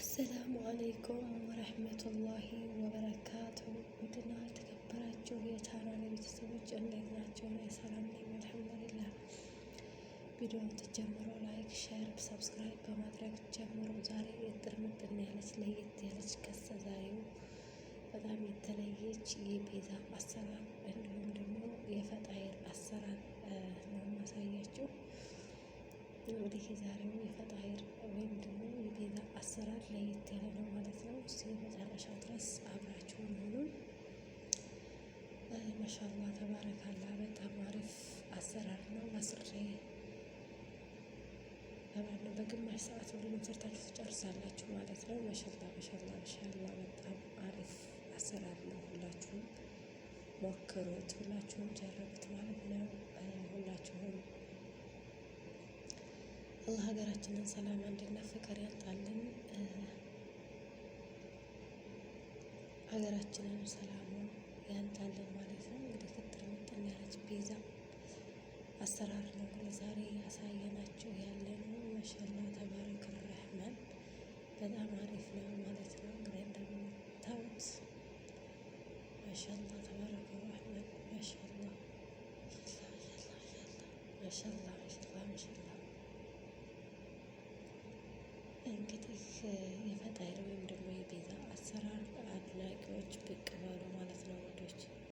አሰላሙ አለይኩም ወረህመቱላሂ ወበረካቱ። ውድና የተከበራችሁ የቻናል ቤተሰቦች እንዴት ናቸው? ሰላም ነኝ አልሐምዱሊላህ። ቪዲዮውን ትጀምሮ ላይክ፣ ሼር፣ ሰብስክራይብ በማድረግ ጀምሮ ዛሬ እጥር ያለች ለየት ያለች ከሰዛሬው በጣም የተለየች የቤዛ አሰራር እንዲሁም ደግሞ የፈጣይር አሰራር ነው የማሳያችሁ። እንግዲህ የዛሬው የፈጣይር ወይም ደግሞ ለየት ያለ ነው ማለት ነው። እስቲ መጨረሻው ድረስ አብራችሁ መሆኑን ማሻላ ተባረካላ። በጣም አሪፍ አሰራር ነው። አስሬ በማለ በግማሽ ሰዓት ሁሉንም ሰርታችሁ ትጨርሳላችሁ ማለት ነው። ማሻላ ማሻላ ማሻላ በጣም አሪፍ አሰራር ነው። ሁላችሁም ሞክሩት፣ ሁላችሁም ጀረቡት ማለት ነው። ሁላችሁም ሀገራችንን ሰላም፣ አንድና ፍቅር ያጣልን። ሀገራችንም ሰላሙን ያምጣልን ማለት ነው። እንግዲህ ክትር ምጥን ያለች ቤዛ አሰራር ነው እንግዲህ ዛሬ ያሳየናቸው ያለ ነው። ማሻላ ተባረከ ረህማን በጣም አሪፍ ነው ማለት ነው። እንግዲህ እንደምታዩት ማሻላ ተባረከ ረህማን ማሻላ ማሻላ ማሻላ ማሻላ እንግዲህ